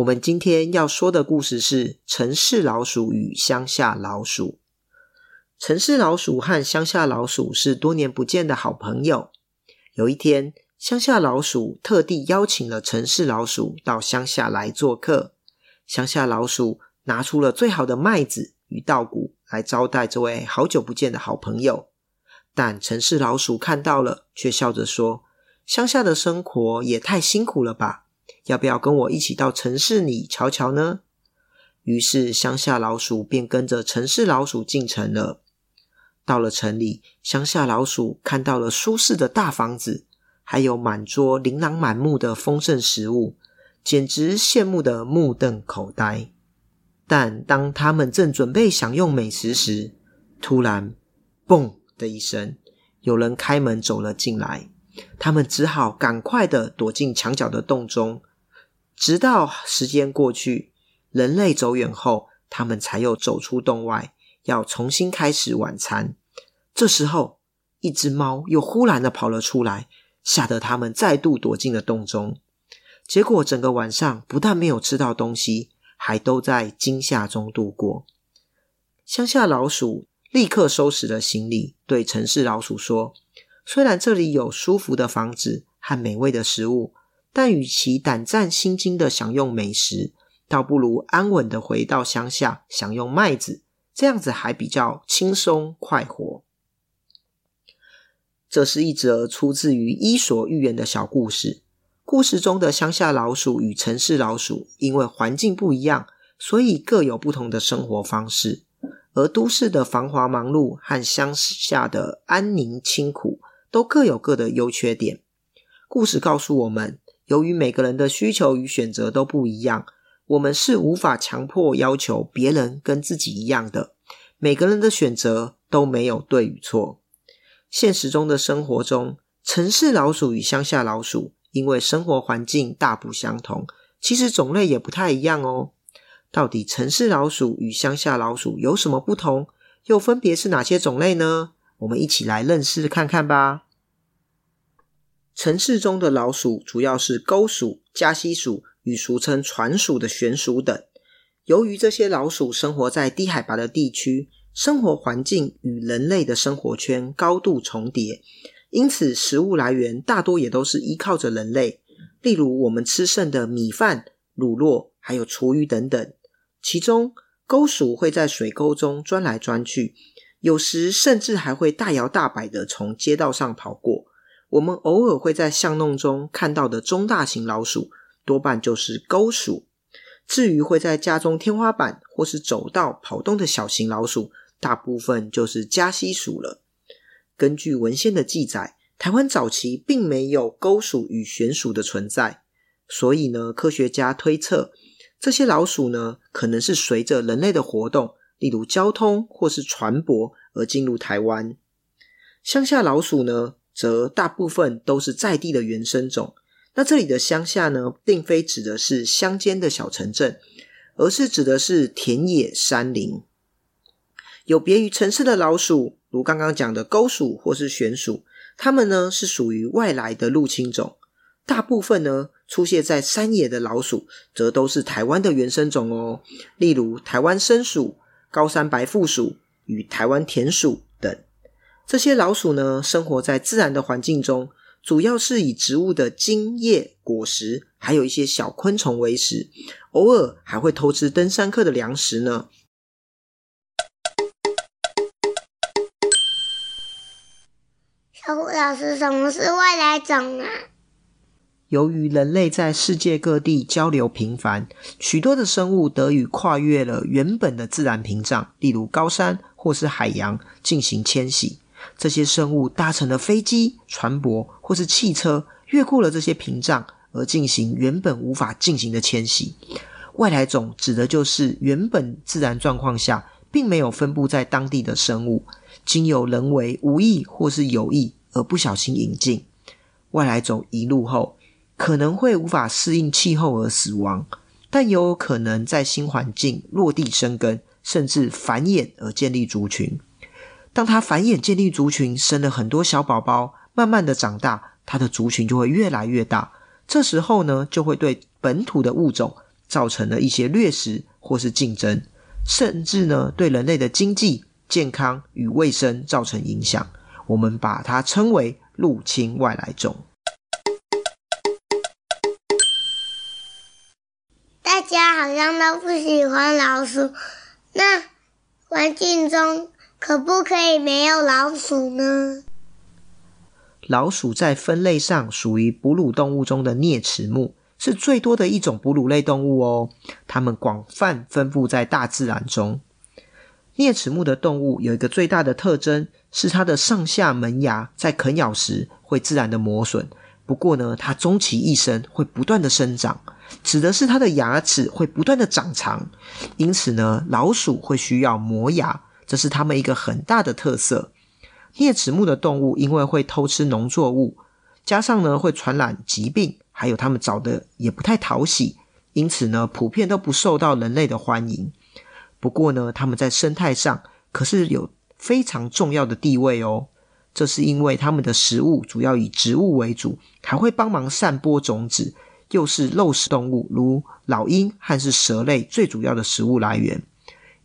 我們今天要說的故事是《城市老鼠與鄉下老鼠》。城市老鼠和鄉下老鼠是多年不見的好朋友。有一天，鄉下老鼠特地邀請了城市老鼠到鄉下來做客。鄉下老鼠拿出了最好的麥子與稻穀來招待這位好久不見的好朋友，但城市老鼠看到了，卻笑着說：“鄉下的生活也太辛苦了吧。”要不要跟我一起到城市裡瞧瞧呢？於是鄉下老鼠便跟着城市老鼠進城了。到了城裡，鄉下老鼠看到了舒適的大房子，還有滿桌琳琅滿目的豐盛食物，簡直羨慕得目瞪口呆。但當他們正準備享用美食時，突然嘣的一聲，有人開門走了進來，他們只好趕快的躲進牆角的洞中。直到時間過去，人類走遠後，他們才又走出洞外，要重新開始晚餐。這時候，一只貓又忽然的跑了出來，嚇得他們再度躲進了洞中。結果，整個晚上不但沒有吃到東西，還都在驚嚇中度過。鄉下老鼠立刻收拾了行李，對城市老鼠說：“雖然這裡有舒服的房子和美味的食物。”但與其膽戰心驚的享用美食，倒不如安穩的回到鄉下享用麥子，這樣子還比較輕鬆快活。這是一則出自於《伊索寓言》的小故事。故事中的鄉下老鼠與城市老鼠，因為環境不一樣，所以各有不同的生活方式。而都市的繁華忙碌和鄉下的安寧清苦，都各有各的優缺點。故事告訴我們，由於每個人的需求與選擇都不一樣，我們是無法強迫要求別人跟自己一樣的。每個人的選擇都沒有對與錯。現實中的生活中，城市老鼠與鄉下老鼠因為生活環境大不相同，其實種類也不太一樣哦。到底城市老鼠與鄉下老鼠有什麼不同？又分別是哪些種類呢？我們一起來認識看看吧。城市中的老鼠主要是溝鼠、家鼷鼠與俗稱船鼠的玄鼠等。由於這些老鼠生活在低海拔的地區，生活環境與人類的生活圈高度重疊，因此食物來源大多也都是依靠着人類，例如我們吃剩的米飯、乳酪，還有廚餘等等。其中，溝鼠會在水溝中鑽來鑽去，有時甚至還會大搖大擺的從街道上跑過。我們偶爾會在巷弄中看到的中大型老鼠，多半就是溝鼠；至於會在家中天花板或是走道跑動的小型老鼠，大部分就是加西鼠了。根據文獻的記載，台灣早期並沒有溝鼠與懸鼠的存在，所以呢，科學家推測這些老鼠呢，可能是隨着人類的活動，例如交通或是船舶而進入台灣。鄉下老鼠呢？則大部分都是在地的原生種。那這裡的鄉下呢，並非指的是鄉間的小城鎮，而是指的是田野山林。有別於城市的老鼠，如剛剛講的溝鼠或是玄鼠，它們呢是屬於外來的入侵種。大部分呢出現在山野的老鼠，則都是台灣的原生種哦，例如台灣森鼠、高山白腹鼠與台灣田鼠。這些老鼠呢，生活在自然的環境中，主要是以植物的莖葉、果實，還有一些小昆蟲為食，偶爾還會偷吃登山客的糧食呢。小虎老師，什麼是外來種啊？由於人類在世界各地交流頻繁，許多的生物得以跨越了原本的自然屏障，例如高山或是海洋，進行遷徙。這些生物搭乘了飛機、船舶或是汽車，越過了這些屏障而進行原本無法進行的遷徙。外來種指的就是原本自然狀況下並沒有分布在當地的生物，經由人為無意或是有意而不小心引進。外來種移入後，可能會無法適應氣候而死亡，但也有可能在新環境落地生根，甚至繁衍而建立族群。當它繁衍、建立族群，生了很多小寶寶，慢慢的長大，它的族群就會越來越大。這時候呢，就會對本土的物種造成了一些掠食或是競爭，甚至呢，對人類的經濟、健康與衛生造成影響。我們把它稱為入侵外來種。大家好像都不喜歡老鼠，那環境中，可不可以沒有老鼠呢？老鼠在分類上屬於哺乳動物中的齧齒目，是最多的一種哺乳類動物哦。它們廣泛分布在大自然中。齧齒目的動物有一個最大的特徵，是它的上下門牙在啃咬時會自然的磨損。不過呢，它終其一生會不斷的生長，指的是它的牙齒會不斷的長長。因此呢，老鼠會需要磨牙。這是它們一個很大的特色。齧齒目的動物因為會偷吃農作物，加上呢，會傳染疾病，還有它們長得也不太討喜，因此呢，普遍都不受到人類的歡迎。不過呢，它們在生態上可是有非常重要的地位哦。這是因為它們的食物主要以植物為主，還會幫忙散播種子，又是肉食動物，如老鷹還是蛇類最主要的食物來源。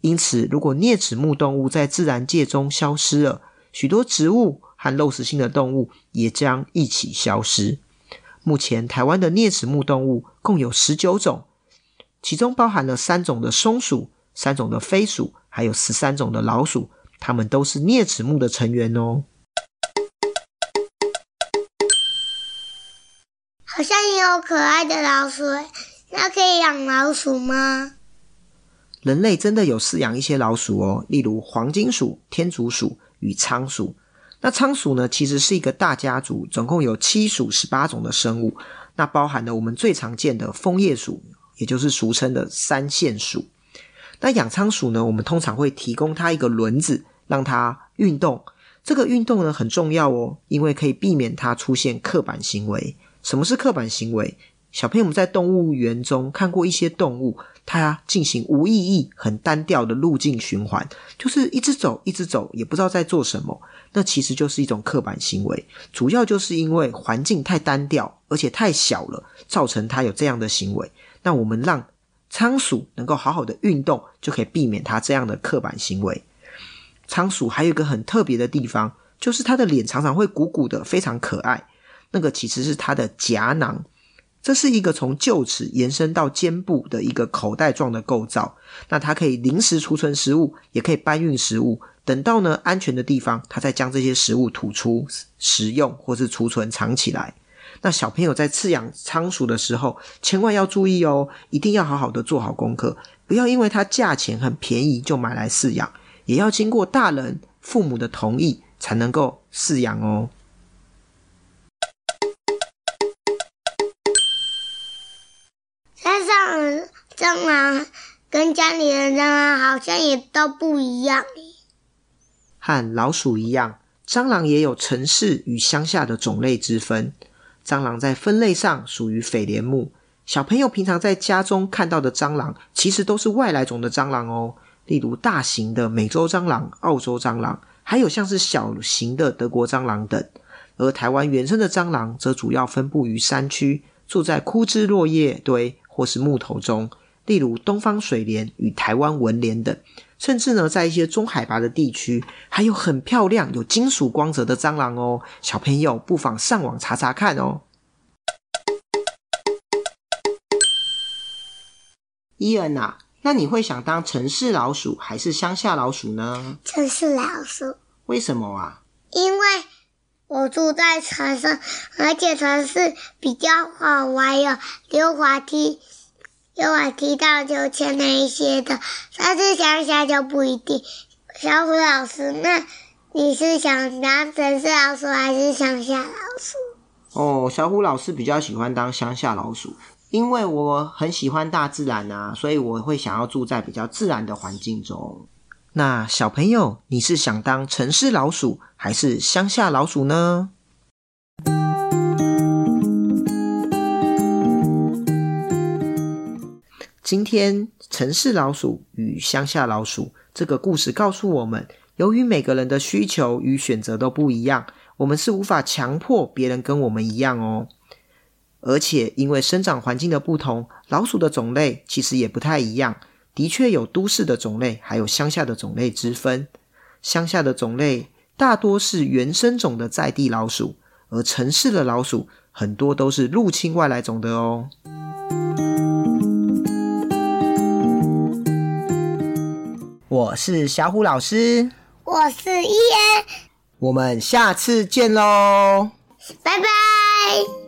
因此，如果齧齒目動物在自然界中消失了，許多植物和肉食性的動物也將一起消失。目前，台灣的齧齒目動物共有十九種，其中包含了三種的松鼠、三種的飛鼠，還有十三種的老鼠。它們都是齧齒目的成員哦。好像也有可愛的老鼠，那可以養老鼠嗎？人類真的有飼養一些老鼠哦，例如黃金鼠、天竺鼠與倉鼠。那倉鼠呢，其實是一個大家族，總共有七屬十八種的生物，那包含了我們最常見的楓葉鼠，也就是俗稱的三線鼠。那養倉鼠呢，我們通常會提供它一個輪子，讓它運動。這個運動呢，很重要哦，因為可以避免它出現刻板行為。什麼是刻板行為？小朋友們在動物園中看過一些動物，它進行無意義、很單調的路徑循環，就是一直走、一直走，也不知道在做什麼。那其實就是一種刻板行為，主要就是因為環境太單調，而且太小了，造成它有這樣的行為。那我們讓倉鼠能夠好好的運動，就可以避免它這樣的刻板行為。倉鼠還有一個很特別的地方，就是它的臉常常會鼓鼓的，非常可愛。那個其實是它的頰囊。這是一個從臼齒延伸到肩部的一個口袋狀的構造，那它可以臨時儲存食物，也可以搬運食物。等到呢安全的地方，它再將這些食物吐出食用，或是儲存藏起來。那小朋友在飼養倉鼠的時候，千萬要注意哦，一定要好好的做好功課，不要因為它價錢很便宜就買來飼養，也要經過大人父母的同意才能夠飼養哦。蟑螂跟家裡的蟑螂好像也都不一樣，和老鼠一樣，蟑螂也有城市與鄉下的種類之分。蟑螂在分類上屬於蜚蠊目。小朋友平常在家中看到的蟑螂，其實都是外來種的蟑螂哦，例如大型的美洲蟑螂、澳洲蟑螂，還有像是小型的德國蟑螂等。而台灣原生的蟑螂，則主要分布於山區，住在枯枝落葉堆或是木頭中。例如東方水蠊與台灣文蠊等，甚至呢，在一些中海拔的地區，還有很漂亮、有金屬光澤的蟑螂哦。小朋友不妨上網查查看哦。伊恩啊，那你會想當城市老鼠還是鄉下老鼠呢？城市老鼠。為什麼啊？因為我住在城市，而且城市比較好玩，有溜滑梯。有我提到就簽那一些的。但是鄉下就不一定。小虎老師，那你是想當城市老鼠還是鄉下老鼠？哦，小虎老師比較喜歡當鄉下老鼠，因為我很喜歡大自然吶、啊，所以我會想要住在比較自然的環境中。那小朋友，你是想當城市老鼠還是鄉下老鼠呢？今天城市老鼠與鄉下老鼠這個故事告訴我們，由於每個人的需求與選擇都不一樣，我們是無法強迫別人跟我們一樣哦。而且因為生長環境的不同，老鼠的種類其實也不太一樣。的確有都市的種類，還有鄉下的種類之分。鄉下的種類大多是原生種的在地老鼠，而城市的老鼠很多都是入侵外來種的哦。我是小虎老師，我是伊恩，我們下次見嘍，拜拜。